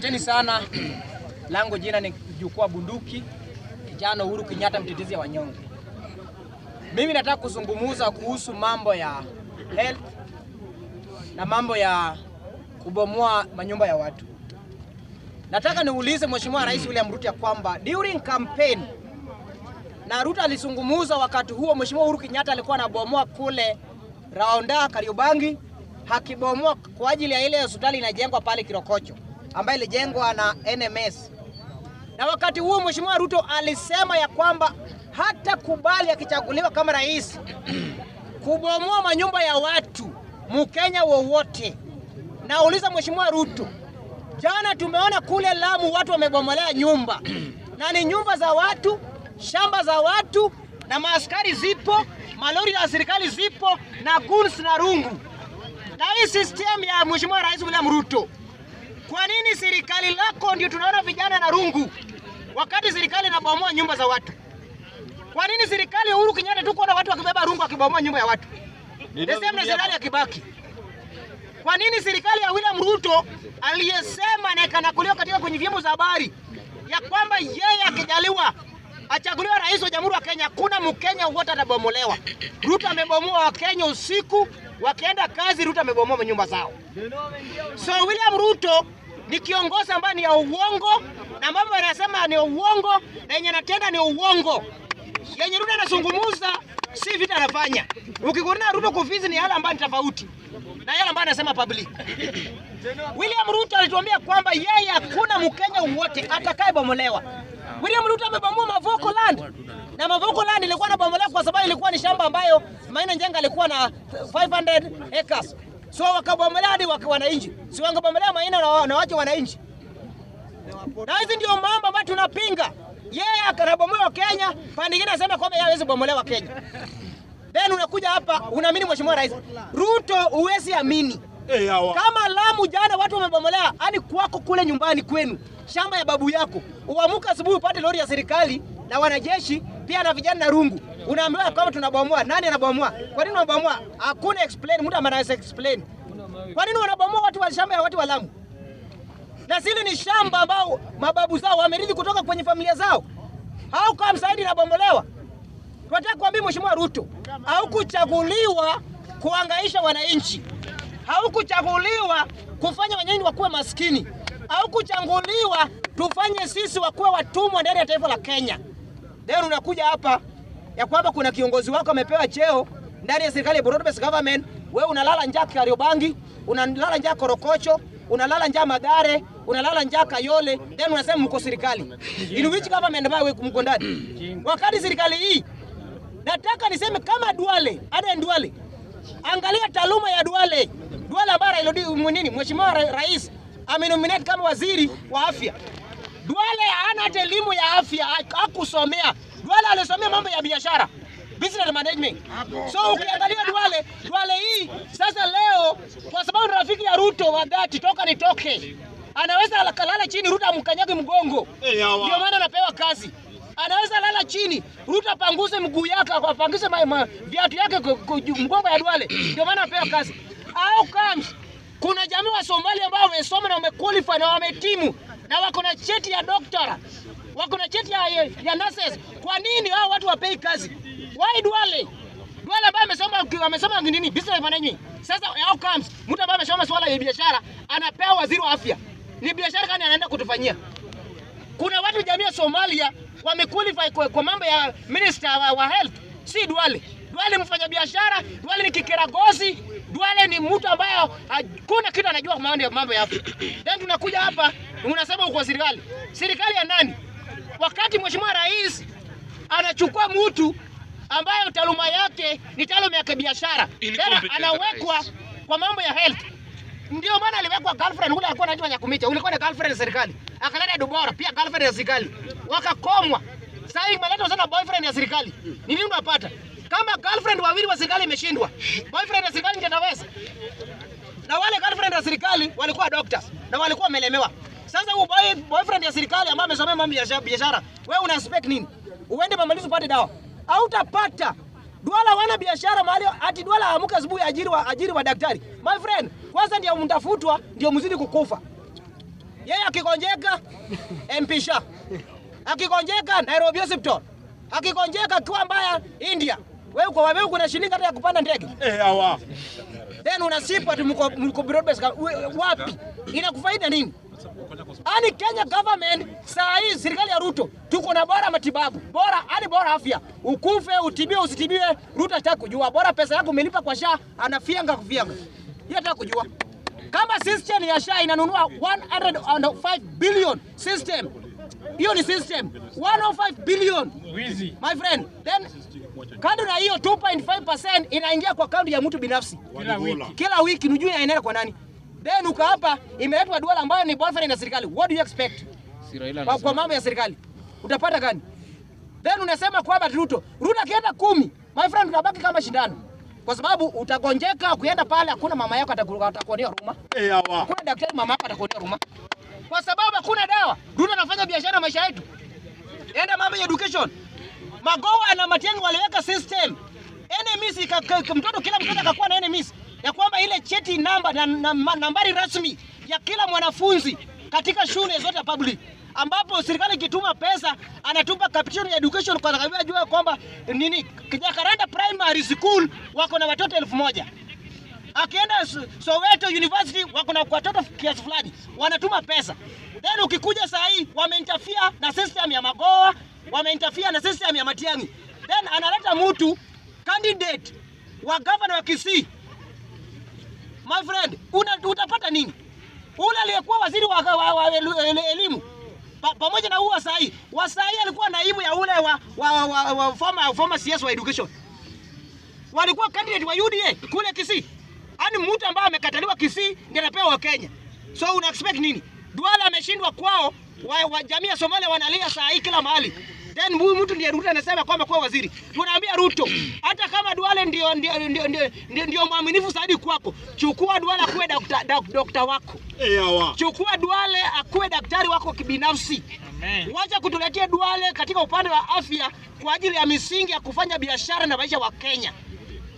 Asanteni sana. Langu jina ni Jukwaa Bunduki, kijana Uhuru Kenyatta, mtetezi wa wanyonge. Mimi nataka kuzungumza kuhusu mambo ya health na mambo ya kubomoa manyumba ya watu. Nataka niulize Mheshimiwa Rais William Ruto ya kwamba during campaign na Ruto alizungumza wakati huo, Mheshimiwa Uhuru Kenyatta alikuwa anabomoa kule Raonda Kariobangi, hakibomoa kwa ajili ya ile hospitali inajengwa pale Kirokocho ambayo ilijengwa na NMS. Na wakati huo Mheshimiwa Ruto alisema ya kwamba hata kubali akichaguliwa kama rais kubomoa manyumba ya watu Mkenya wowote. Nauliza Mheshimiwa Ruto, jana tumeona kule Lamu watu wamebomolea nyumba na ni nyumba za watu, shamba za watu, na maaskari zipo, malori ya serikali zipo, na guns na rungu, na hii system ya Mheshimiwa Rais William Ruto kwa nini serikali lako ndio tunaona vijana na rungu wakati serikali inabomoa nyumba za watu? Kwa nini serikali ya Uhuru Kenyatta tu kuona watu wakibeba rungu wakibomoa nyumba ya watu? The same na serikali ya Kibaki. Kwa nini serikali ya William Ruto aliyesema na ikanakuliwa katika kwenye vyombo za habari ya kwamba yeye akijaliwa achaguliwa rais wa Jamhuri ya Kenya, kuna mkenya wote atabomolewa. Ruto amebomoa Wakenya usiku wakienda kazi, Ruto amebomoa nyumba zao. So William Ruto ni kiongozi ambaye ni ya uongo na mambo anasema ni uongo na yenye anatenda ni uongo. Yenye Ruto anazungumza si vita anafanya. Ukikuona Ruto kufizi ni yale ambayo ni tofauti na yale ambayo anasema public. William Ruto alituambia kwamba yeye hakuna Mkenya wote bomolewa. William Ruto amebomoa Mavoko Land. Na Mavoko Land ilikuwa bomolewa kwa sababu ilikuwa ni shamba ambayo Maina Njenga alikuwa na 500 acres sio wakabomolea hadi wananchi, sio wangabomolea maina na wache wananchi. Na hizi ndio mambo ambayo tunapinga. Yeye akanabomoa Kenya, pande nyingine anasema kwamba yeye hawezi bomolewa Kenya. Then unakuja hapa unaamini mheshimiwa rais Ruto, uwezi amini hey, eh, kama Lamu jana watu wamebomolea, ani kwako kule nyumbani kwenu, shamba ya babu yako, uamuka asubuhi upate lori ya serikali na wanajeshi pia na vijana na rungu unaambiwa kwamba tunabomoa. Nani anabomoa? Kwa nini unabomoa? Hakuna explain, mtu anaweza explain kwa nini wanabomoa watu wa shamba ya watu wa Lamu, na sili ni shamba ambao mababu zao wamerithi kutoka kwenye familia zao. Au kwa msaidi inabomolewa. Tunataka kuambia Mheshimiwa Ruto, haukuchaguliwa kuangaisha wananchi, haukuchaguliwa kufanya wananchi wakuwe maskini, haukuchaguliwa tufanye sisi wakuwe watumwa ndani ya taifa la Kenya. Leo unakuja hapa ya kwamba kuna kiongozi wako amepewa cheo ndani ya serikali ya Burundi Base Government, wewe unalala njaa Kariobangi, unalala njaa Korokocho, unalala njaa Madare, unalala njaa Kayole, then unasema mko serikali. In which government ambayo wewe mko ndani? Wakati serikali hii nataka niseme kama Duale, Aden Duale. Angalia taaluma ya Duale. Duale ambaye Railodi nini? Mheshimiwa Rais amenominate kama waziri wa afya. Duale hana elimu ya afya, hakusomea. Duale alisomea mambo ya biashara, business management. So ukiangalia Duale, Duale hii sasa leo kwa sababu rafiki ya Ruto wa dhati toka nitoke. Anaweza lala chini Ruto amkanyage mgongo. Eh, Ndio maana anapewa kazi. Anaweza lala chini Ruto panguze mguu yake, apanguze viatu yake mgongo ya Duale. Ndio maana anapewa kazi. Au comes kuna jamii wa Somalia ambao wamesoma na wamequalify na wametimu na wako na cheti ya doktora wako na cheti ya, ya nurses. Kwa nini hao watu wapei kazi? Why Duale? Duale ambaye amesoma amesoma nini? Business management. Sasa how comes mtu ambaye amesoma swala ya biashara anapewa waziri wa afya? Ni biashara gani anaenda kutufanyia? Kuna watu jamii ya Somalia wamequalify kwa, kwa mambo ya minister wa, wa health, si Duale. Duale mfanya biashara, Duale ni kikeragozi, Duale ni mtu ambaye hakuna kitu anajua mambo ya mambo ya afya. Then tunakuja hapa unasema uko serikali. Serikali ya nani? wakati mheshimiwa rais anachukua mtu ambaye taaluma yake ni taaluma ya kibiashara, tena anawekwa kwa mambo ya health. Ndio maana aliwekwa girlfriend ule, alikuwa anaitwa Nyakumicha, ulikuwa ni girlfriend ya serikali, akaleta Dubora pia girlfriend ya serikali, wakakomwa. Sasa hii imeletwa sana boyfriend ya serikali. Ni nini unapata kama girlfriend wawili wa serikali imeshindwa, boyfriend ya serikali ndio anaweza? Na wale girlfriend ya serikali walikuwa doctors na walikuwa wamelemewa. Sasa huyo boyfriend ya serikali ambaye amesomea mambo ya biashara, wewe una expect nini? Uende mamalizi upate dawa? Au utapata Duala wana biashara mahali ati Duala amuka asubuhi ajiri wa ajiri wa daktari. My friend, kwanza ndio mtafutwa ndio mzidi kukufa. Yeye akikonjeka mpisha. Akikonjeka Nairobi Hospital. Akikonjeka kwa mbaya India. Wewe uko wewe kuna shilingi hata ya kupanda ndege? Eh, hawa. Then unasipa tu mko mko broadbase wapi? Inakufaida nini? Ani Kenya government saa hii serikali ya Ruto tuko na bora matibabu bora, ani bora afya, ukufe utibiwe usitibiwe, Ruto hataki kujua. Bora pesa yako umelipa kwa SHA, anafianga kufianga, yeye hataki kujua. Kama system ya SHA inanunua 105 billion system hiyo ni system 105 billion wizi, my friend. Then kando na hiyo 2.5% inaingia kwa kaunti ya mtu binafsi kila wiki, kila wiki, nijue inaenda kwa nani? Then uko hapa imeletwa duala ambayo ni boyfriend na serikali. What do you expect? Kwa, kwa mambo ya serikali. Utapata gani? Then unasema kwamba Ruto, Ruto akienda kumi, my friend tunabaki kama shindano. Kwa sababu utagonjeka kuenda pale hakuna mama yako atakuonea huruma. Eh, hawa. Kuna daktari mama yako atakuonea huruma. Kwa sababu hakuna dawa. Ruto anafanya biashara maisha yetu. Enda mambo ya education. Magoa na Matiang'i waliweka system. Enemies mtoto kila mtoto akakuwa na enemies ya kwamba ile cheti namba na, na, na nambari rasmi ya kila mwanafunzi katika shule zote public ambapo serikali ikituma pesa anatupa ya education kwa sababu ajua kwamba nini Jacaranda Primary School wako na watoto elfu moja akienda Soweto University wako na watoto kiasi fulani, wanatuma pesa. Then ukikuja saa hii wameinterfere na system ya Magoa, wameinterfere na system ya Matiang'i, then analeta mtu candidate wa governor wa Kisii my friend, una, utapata nini? Ule aliyekuwa waziri wa, wa, wa elimu pa, pamoja na huyu Wasai. Wasai alikuwa naibu ya ule wa, wa, wa, wa, wa former, former CS wa education. Walikuwa candidate wa UDA kule Kisii. Yaani mtu ambaye amekataliwa Kisii ndiye anapewa Kenya. So una expect nini? Duala ameshindwa kwao wa, wa jamii ya Somalia wanalia saa hii kila mahali then yaani huyu mtu ndiye Ruto anasema kwamba kuwa waziri. Tunaambia Ruto, hata kama Duale ndio ndio ndio, ndio, ndio ndio mwaminifu zaidi kwako, chukua Duale akuwe daktari dokta wako. Ewa. Eh, chukua Duale akuwe daktari wako kibinafsi. Amen. Wacha kutuletea Duale katika upande wa afya kwa ajili ya misingi ya kufanya biashara na maisha wa Kenya.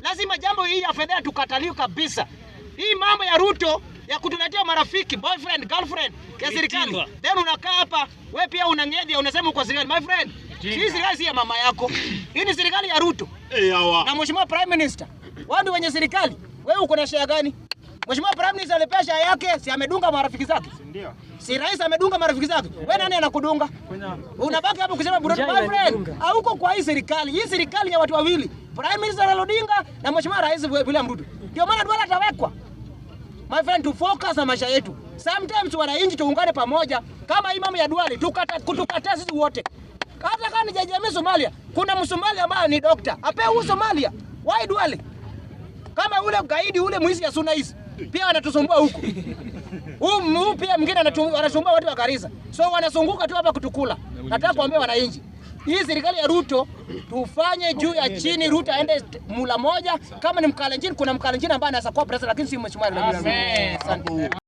Lazima jambo hili ya fedha tukataliwe kabisa. Hii mambo ya Ruto ya kutuletea marafiki boyfriend girlfriend ya serikali, then unakaa hapa wewe pia unangedia, unasema uko serikali. My friend, hii serikali si ya mama yako. Hii ni serikali ya Ruto. Eyawa. Eh, na Mheshimiwa Prime Minister. Wao ndio wenye serikali. Wewe uko na share gani? Mheshimiwa Prime Minister alipea share yake, si amedunga marafiki zake? Ndio. Si rais amedunga marafiki zake. Wewe nani anakudunga? Unabaki hapo kusema brother my friend. Hauko kwa hii serikali. Hii serikali ya watu wawili. Prime Minister Raila na Mheshimiwa Rais William Ruto. Ndio maana dola atawekwa. My friend, to focus na maisha yetu. Sometimes wananchi tuungane pamoja kama imamu ya Duale tukata kutukataa sisi wote hata kama ni jaji jamii Somalia, kuna Msomalia ambaye ni dokta apewe huu Somalia wide wale, kama ule gaidi ule mwizi ya suna hizi pia wanatusumbua huku huu pia mwingine anasumbua watu wa Garissa, so wanazunguka tu hapa kutukula. Nataka kuambia wananchi, hii serikali ya Ruto tufanye juu ya chini, Ruto aende mula moja. Kama ni Mkalenjin, kuna Mkalenjin ambaye anaweza kuwa president, lakini si mheshimiwa. Amen.